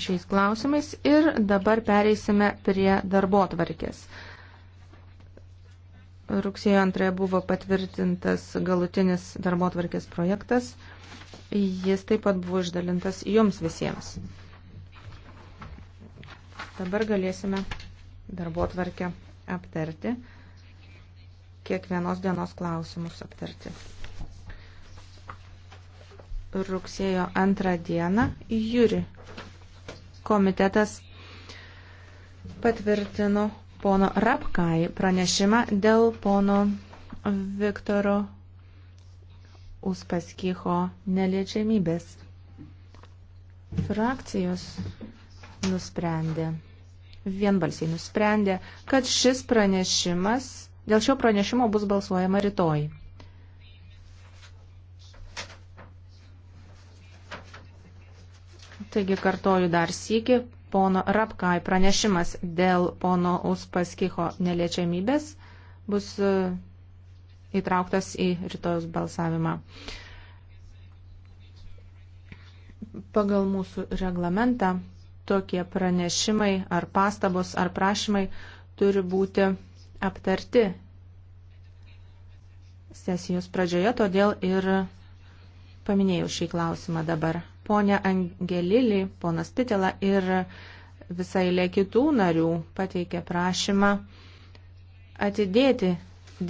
šiais klausimais ir dabar pereisime prie darbo tvarkės. Rugsėjo antrąją buvo patvirtintas galutinis darbo tvarkės projektas. Jis taip pat buvo išdalintas jums visiems. Dabar galėsime darbo tvarkę aptarti, kiekvienos dienos klausimus aptarti rugsėjo antrą dieną Juri komitetas patvirtino pono Rapkai pranešimą dėl pono Viktoro Uspaskicho neliečiamybės. Frakcijos nusprendė, vienbalsiai nusprendė, kad šis pranešimas, dėl šio pranešimo bus balsuojama rytoj. Taigi kartoju dar sykį, pono Rapkai pranešimas dėl pono Uspaskicho neliečiamybės bus e, įtrauktas į rytojus balsavimą. Pagal mūsų reglamentą tokie pranešimai ar pastabos ar prašymai turi būti aptarti sesijos pradžioje, todėl ir paminėjau šį klausimą dabar. Pone Angelili, ponas Pitela ir visai lė kitų narių pateikė prašymą atidėti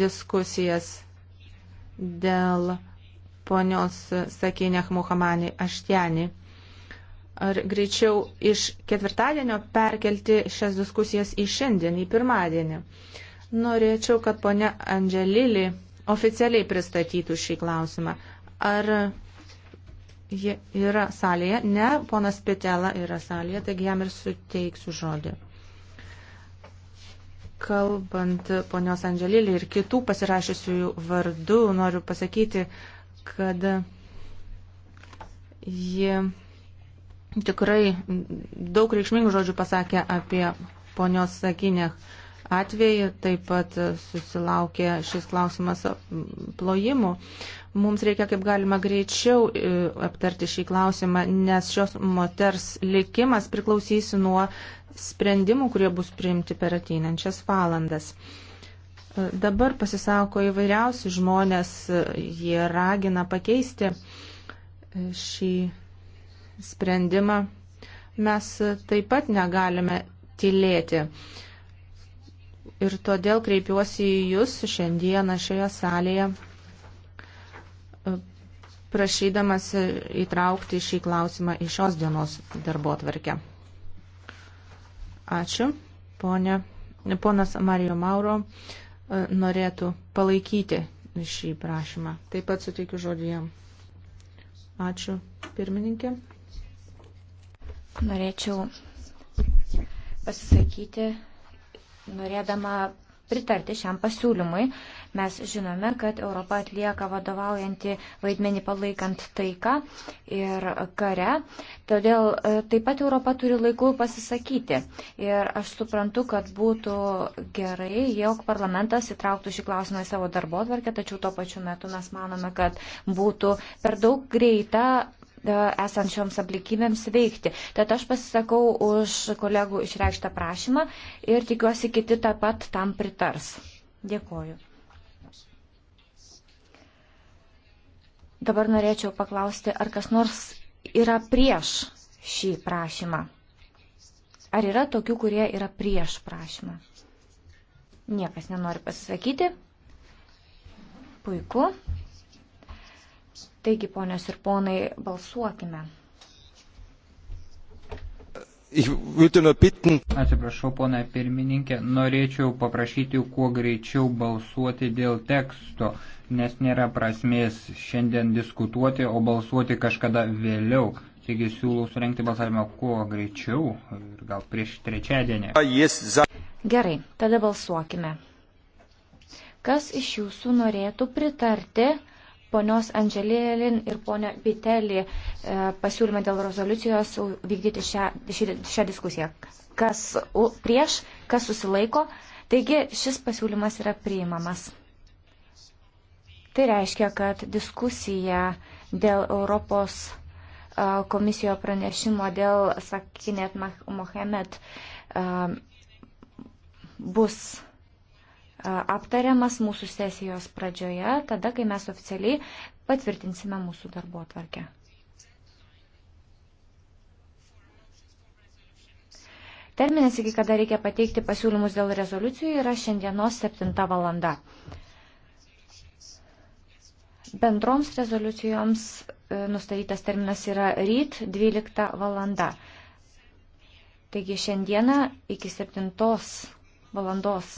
diskusijas dėl ponios Sakinėk Muhamani Aštiani. Ar greičiau iš ketvirtadienio perkelti šias diskusijas į šiandien, į pirmadienį. Norėčiau, kad ponia Andželili oficialiai pristatytų šį klausimą. Ar Ji yra salėje. Ne, ponas Pitela yra salėje, taigi jam ir suteiksiu žodį. Kalbant ponios Andželėlį ir kitų pasirašysiųjų vardų, noriu pasakyti, kad ji tikrai daug reikšmingų žodžių pasakė apie ponios Sakinę atvejį, taip pat susilaukė šis klausimas plojimų. Mums reikia kaip galima greičiau e, aptarti šį klausimą, nes šios moters likimas priklausys nuo sprendimų, kurie bus priimti per ateinančias valandas. E, dabar pasisako įvairiausi žmonės, e, jie ragina pakeisti šį sprendimą. Mes taip pat negalime tylėti. Ir todėl kreipiuosi į Jūs šiandieną šioje salėje, e, prašydamas įtraukti šį klausimą į šios dienos darbo atvarkę. Ačiū, ponė. Ponas Mario Mauro e, norėtų palaikyti šį prašymą. Taip pat suteikiu žodį jam. Ačiū, pirmininkė. Norėčiau pasisakyti Norėdama pritarti šiam pasiūlymui, mes žinome, kad Europa atlieka vadovaujantį vaidmenį palaikant taiką ir kare, todėl e, taip pat Europa turi laiku pasisakyti. Ir aš suprantu, kad būtų gerai, jog parlamentas įtrauktų šį klausimą į savo darbo atvarkę, tačiau tuo pačiu metu mes manome, kad būtų per daug greita E, esant šioms aplinkybėms veikti. Tad aš pasisakau už kolegų išreikštą prašymą ir tikiuosi kiti taip pat tam pritars. Dėkoju. Dabar norėčiau paklausti, ar kas nors yra prieš šį prašymą. Ar yra tokių, kurie yra prieš prašymą? Niekas nenori pasisakyti. Puiku. Taigi, ponios ir ponai, balsuokime. Atsiprašau, ponai pirmininkė, norėčiau paprašyti kuo greičiau balsuoti dėl teksto, nes nėra prasmės šiandien diskutuoti, o balsuoti kažkada vėliau. Taigi siūlau surenkti balsavimą kuo greičiau ir gal prieš trečiadienį. Gerai, tada balsuokime. Kas iš jūsų norėtų pritarti? ponios Andželėlin ir ponio Bitelį e, pasiūlymą dėl rezoliucijos vykdyti šią, šią, šią diskusiją. Kas prieš, kas susilaiko. Taigi šis pasiūlymas yra priimamas. Tai reiškia, kad diskusija dėl Europos e, komisijo pranešimo dėl Sakinėt Mohamed e, bus aptariamas mūsų sesijos pradžioje, tada, kai mes oficialiai patvirtinsime mūsų darbo atvarkę. Terminas, iki kada reikia pateikti pasiūlymus dėl rezoliucijų, yra šiandienos 7 valanda. Bendroms rezoliucijoms e, nustatytas terminas yra ryt 12 valanda. Taigi šiandieną iki 7 valandos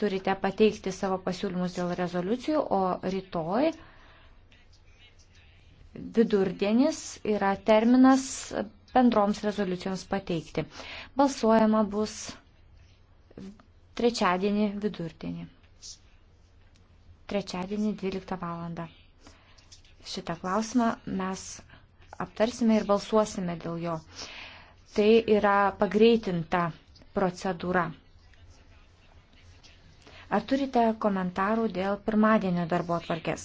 turite pateikti savo pasiūlymus dėl rezoliucijų, o rytoj vidurdienis yra terminas bendroms rezoliucijoms pateikti. Balsuojama bus trečiadienį vidurdienį. Trečiadienį 12 valandą. Šitą klausimą mes aptarsime ir balsuosime dėl jo. Tai yra pagreitinta procedūra. Ar turite komentarų dėl pirmadienio darbo atvarkės?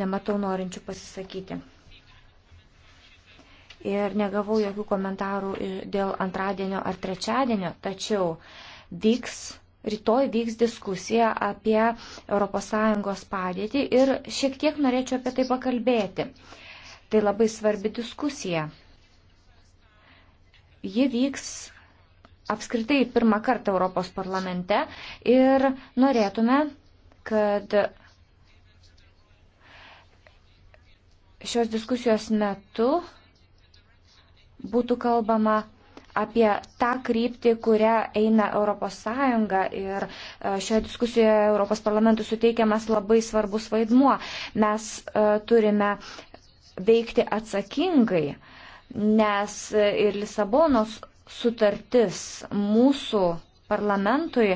Nematau norinčių pasisakyti. Ir negavau jokių komentarų dėl antradienio ar trečiadienio, tačiau vyks rytoj vyks diskusija apie ES padėtį ir šiek tiek norėčiau apie tai pakalbėti. Tai labai svarbi diskusija. Ji vyks apskritai pirmą kartą Europos parlamente ir norėtume, kad šios diskusijos metu būtų kalbama apie tą kryptį, kurią eina ES ir e, šioje diskusijoje Europos parlamentui suteikiamas labai svarbus vaidmuo. Mes e, turime veikti atsakingai, nes e, ir Lisabonos sutartis mūsų parlamentui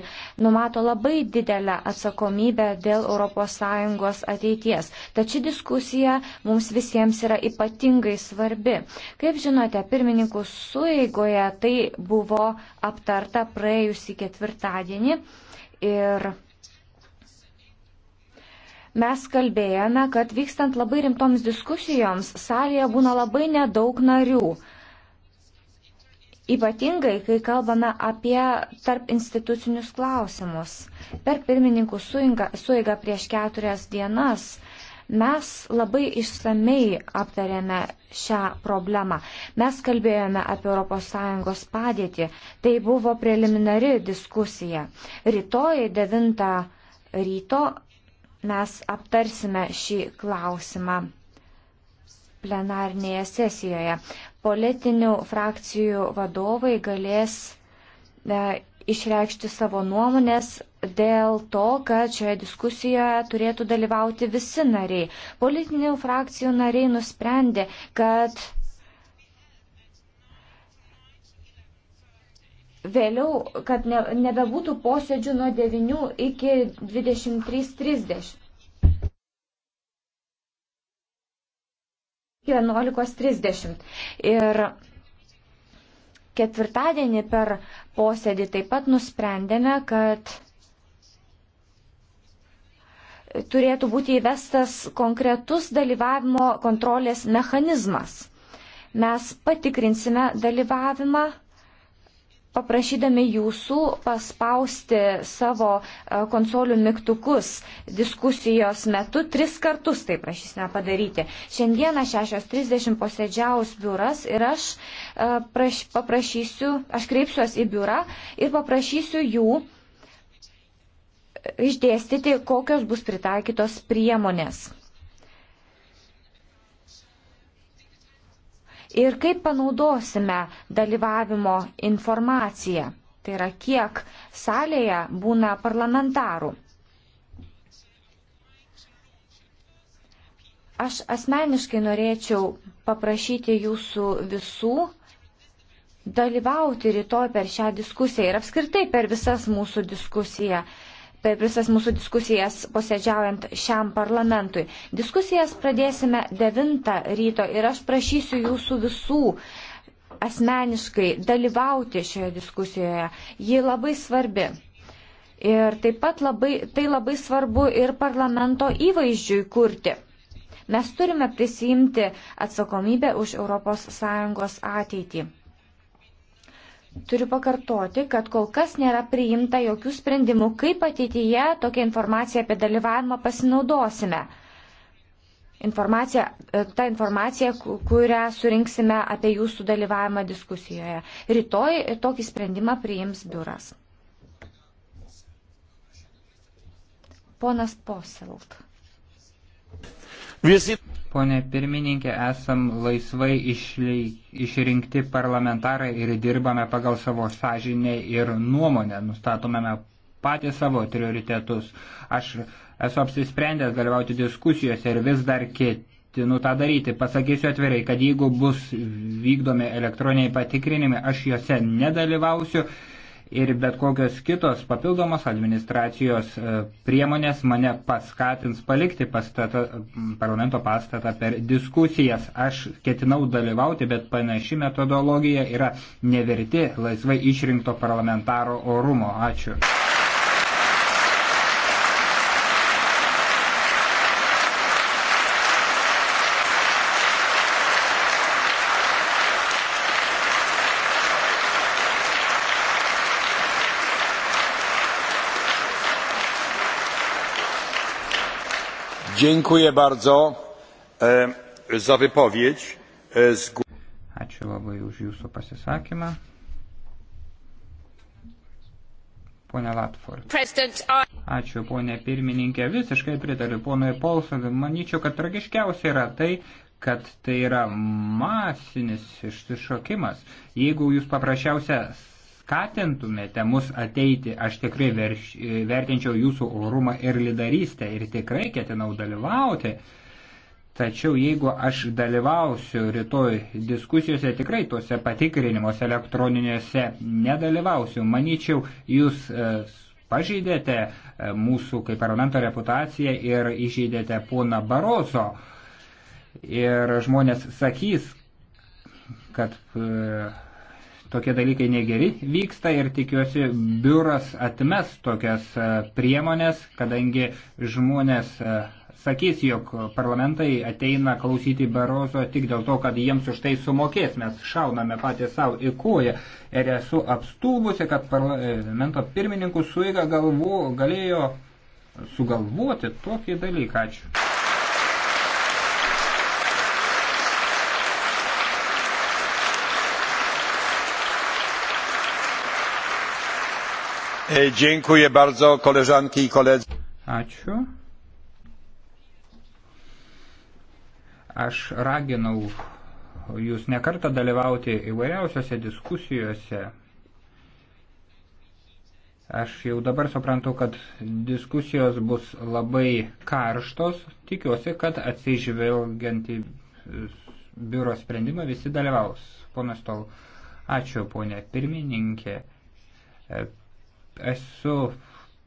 numato labai didelę atsakomybę dėl ES ateities. Tačiau diskusija mums visiems yra ypatingai svarbi. Kaip žinote, pirmininkų sueigoje tai buvo aptarta praėjusį ketvirtadienį ir mes kalbėjome, kad vykstant labai rimtoms diskusijoms salėje būna labai nedaug narių. Ypatingai, kai kalbame apie tarp institucinius klausimus. Per pirmininkų suiga prieš keturias dienas mes labai išsamei aptarėme šią problemą. Mes kalbėjome apie ES padėtį. Tai buvo preliminari diskusija. Rytoj 9 ryto mes aptarsime šį klausimą plenarnėje sesijoje politinių frakcijų vadovai galės e, išreikšti savo nuomonės dėl to, kad šioje diskusijoje turėtų dalyvauti visi nariai. Politinių frakcijų nariai nusprendė, kad vėliau, kad ne, nebebūtų posėdžių nuo 9 iki 23.30. 11.30. Ir ketvirtadienį per posėdį taip pat nusprendėme, kad turėtų būti įvestas konkretus dalyvavimo kontrolės mechanizmas. Mes patikrinsime dalyvavimą paprašydami jūsų paspausti savo e, konsolių mygtukus diskusijos metu. Tris kartus tai prašysime padaryti. Šiandieną 6.30 posėdžiaus biuras ir aš e, praš, paprašysiu, aš kreipsiuos į biurą ir paprašysiu jų e, išdėstyti, kokios bus pritaikytos priemonės. ir kaip panaudosime dalyvavimo informaciją. Tai yra, kiek salėje būna parlamentarų. Aš asmeniškai norėčiau paprašyti jūsų visų dalyvauti rytoj per šią diskusiją ir apskritai per visas mūsų diskusiją, per visas mūsų diskusijas posėdžiaujant šiam parlamentui. Diskusijas pradėsime 9 ryto ir aš prašysiu jūsų visų asmeniškai dalyvauti šioje diskusijoje. Ji labai svarbi. Ir taip pat labai, tai labai svarbu ir parlamento įvaizdžiui kurti. Mes turime prisimti atsakomybę už ES ateitį. Turiu pakartoti, kad kol kas nėra priimta jokių sprendimų, kaip ateityje tokią informaciją apie dalyvavimą pasinaudosime. Informacija, e, ta informacija, kurią surinksime apie jūsų dalyvavimą diskusijoje. Rytoj tokį sprendimą priims biuras. Ponas Poselt. Visi... Pone pirmininkė, esam laisvai išleik, išrinkti parlamentarai ir dirbame pagal savo sąžinę ir nuomonę, nustatomėme patys savo prioritetus. Aš esu apsisprendęs dalyvauti diskusijose ir vis dar ketinu tą daryti. Pasakysiu atvirai, kad jeigu bus vykdomi elektroniniai patikrinimai, aš juose nedalyvausiu ir bet kokios kitos papildomos administracijos e, priemonės mane paskatins palikti pastatą, parlamento pastatą per diskusijas. Aš ketinau dalyvauti, bet panaši metodologija yra neverti laisvai išrinkto parlamentaro orumo. Ačiū. Dziękuję bardzo e, za wypowiedź. E, z... Ačiū labai už jūsų pasisakymą. Pone Latford. Ačiū, ponė pirmininkė. Visiškai pritariu ponui Polsonui. Manyčiau, kad tragiškiausia yra tai, kad tai yra masinis išsišokimas. Jeigu jūs paprasčiausia skatintumėte mus ateiti, aš tikrai verš, vertinčiau jūsų orumą ir lyderystę ir tikrai ketinau dalyvauti. Tačiau jeigu aš dalyvausiu rytoj diskusijose, tikrai tuose patikrinimuose elektroniniuose nedalyvausiu. Manyčiau, jūs e, pažeidėte e, mūsų kaip parlamento reputaciją ir įžeidėte poną Baroso. Ir žmonės sakys, kad e, tokie dalykai negeri vyksta ir tikiuosi biuras atmes tokias e, priemonės, kadangi žmonės e, sakys, jog parlamentai ateina klausyti Barozo tik dėl to, kad jiems už tai sumokės, mes šauname patys savo į koją. Ir esu apstūbusi, kad parlamento pirmininkų suiga galvo, galėjo sugalvoti tokį dalyką. Ačiū. E, dziękuję bardzo, koleżanki i koledzy. Ačiū. Aš raginau jūs nekartą dalyvauti įvairiausiose diskusijose. Aš jau dabar suprantu, kad diskusijos bus labai karštos. Tikiuosi, kad atsižvelgiant į biuro sprendimą visi dalyvaus. Ponas Tol, ačiū ponė pirmininkė. Esu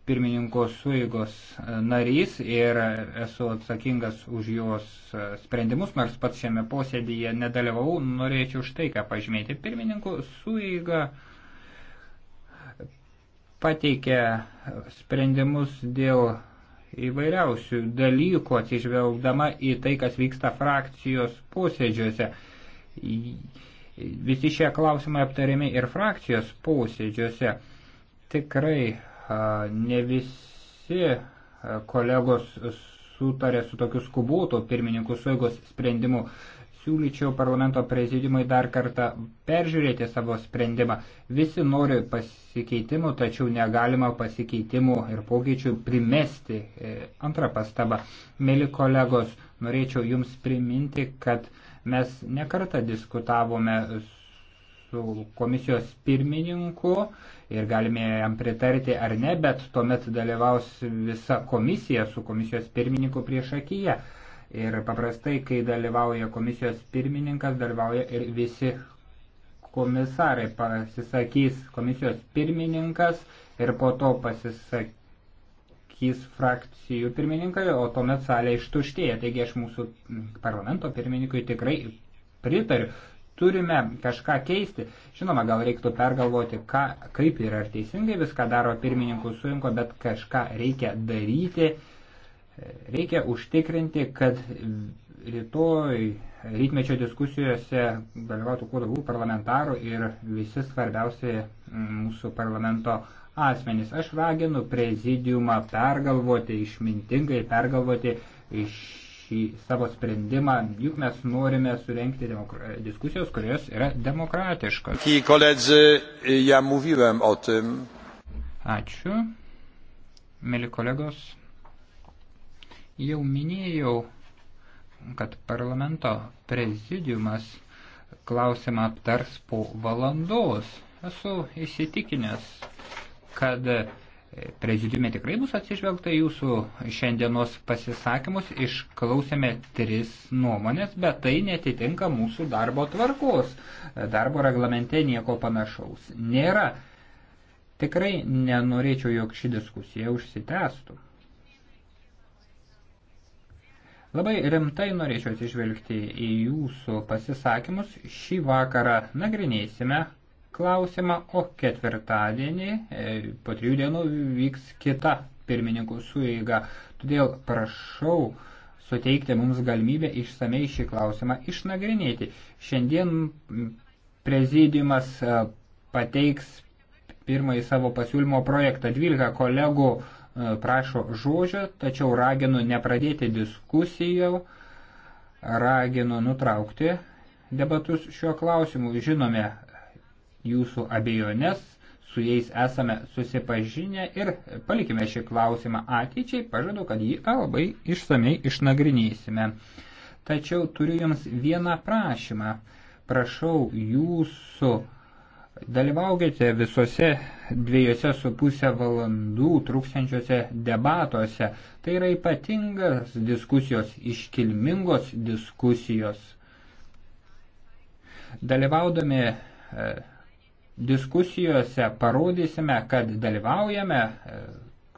pirmininko suėgos e, narys ir esu atsakingas už jos e, sprendimus, nors pats šiame posėdėje nedalyvau, norėčiau štai ką pažymėti. Pirmininko suėga pateikė sprendimus dėl įvairiausių dalykų, atsižvelgdama į tai, kas vyksta frakcijos posėdžiuose. Visi šie klausimai aptariami ir frakcijos posėdžiuose. Tikrai ne visi kolegos sutarė su tokiu skubotu pirmininkų suėgos sprendimu. Siūlyčiau parlamento prezidimui dar kartą peržiūrėti savo sprendimą. Visi nori pasikeitimų, tačiau negalima pasikeitimų ir pokyčių primesti. E, antra pastaba. Mėly kolegos, norėčiau Jums priminti, kad mes nekartą diskutavome su komisijos pirmininku ir galime jam pritarti ar ne, bet tuomet dalyvaus visa komisija su komisijos pirmininku prieš akiją. Ir paprastai, kai dalyvauja komisijos pirmininkas, dalyvauja ir visi komisarai. Pasisakys komisijos pirmininkas ir po to pasisakys frakcijų pirmininkai, o tuomet salė ištuštėja. Taigi aš mūsų parlamento pirmininkui tikrai pritariu turime kažką keisti. Žinoma, gal reiktų pergalvoti, ką, kaip ir ar teisingai viską daro pirmininkų suinko, bet kažką reikia daryti. Reikia užtikrinti, kad rytoj rytmečio diskusijose dalyvautų kuo daugiau parlamentarų ir visi svarbiausi mūsų parlamento asmenys. Aš raginu prezidiumą pergalvoti, išmintingai pergalvoti iš šį savo sprendimą, juk mes norime surenkti diskusijos, kurios yra demokratiškos. Koledzy, ja mówiłem o tym. Ačiū, mėly kolegos. Jau minėjau, kad parlamento prezidiumas klausimą aptars po valandos. Esu įsitikinęs, kad Prezidiume tikrai bus atsižvelgta jūsų šiandienos pasisakymus, išklausėme tris nuomonės, bet tai netitinka mūsų darbo tvarkos. Darbo reglamente nieko panašaus nėra. Tikrai nenorėčiau, jog ši diskusija užsitęstų. Labai rimtai norėčiau atsižvelgti į jūsų pasisakymus. Šį vakarą nagrinėsime klausimą, o ketvirtadienį e, po trijų dienų vyks kita pirmininkų sueiga. Todėl prašau suteikti mums galimybę išsamei šį klausimą išnagrinėti. Šiandien prezidiumas e, pateiks pirmąjį savo pasiūlymo projektą. 12 kolegų e, prašo žodžio, tačiau raginu nepradėti diskusijų, raginu nutraukti debatus šiuo klausimu. Žinome, jūsų abejones, su jais esame susipažinę ir palikime šį klausimą ateičiai, pažadu, kad jį labai išsamei išnagrinėsime. Tačiau turiu Jums vieną prašymą. Prašau Jūsų dalyvaukite visose dviejose su pusę valandų trūkstančiose debatuose. Tai yra ypatingas diskusijos, iškilmingos diskusijos. Dalyvaudami e, diskusijose parodysime, kad dalyvaujame e,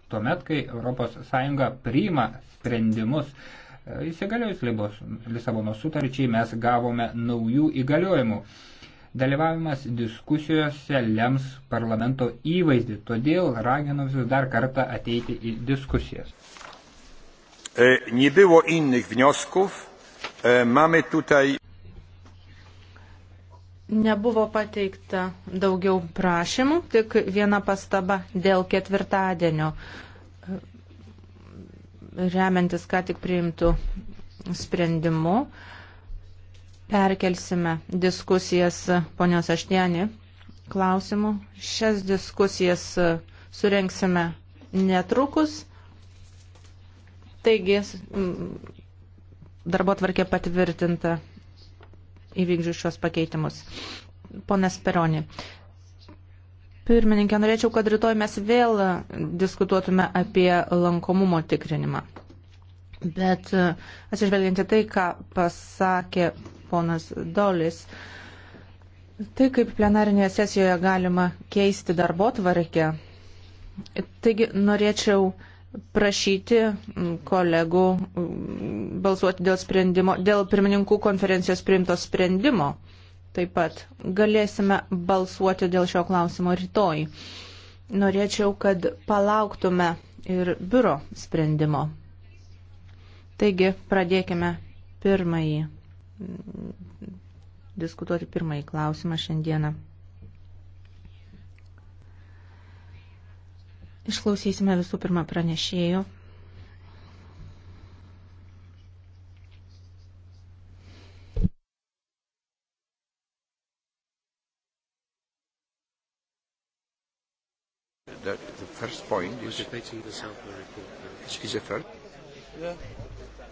tuomet, kai ES priima sprendimus. E, įsigaliojus Lisabono sutarčiai mes gavome naujų įgaliojimų. Dalyvavimas diskusijose lems parlamento įvaizdį, todėl raginu visus dar kartą ateiti į diskusijas. E, nie było innych wniosków. E, mamy tutaj Nebuvo pateikta daugiau prašymų, tik viena pastaba dėl ketvirtadienio, remiantis ką tik priimtų sprendimu. Perkelsime diskusijas ponios Aštienį klausimų. Šias diskusijas surenksime netrukus. Taigi, darbo tvarkė patvirtinta įvykdžius šios pakeitimus. Ponas Peroni. Pirmininkė, norėčiau, kad rytoj mes vėl diskutuotume apie lankomumo tikrinimą. Bet e, atsižvelgiant į tai, ką pasakė ponas Dolis, tai kaip plenarinėje sesijoje galima keisti darbo tvarkę. Taigi norėčiau prašyti mm, kolegų mm, balsuoti dėl sprendimo, dėl pirmininkų konferencijos priimto sprendimo. Taip pat galėsime balsuoti dėl šio klausimo rytoj. Norėčiau, kad palauktume ir biuro sprendimo. Taigi, pradėkime pirmąjį, mm, diskutuoti pirmąjį klausimą šiandieną. Išklausysime visų pirma pranešėjų. The, the first point is, is a first. Yeah.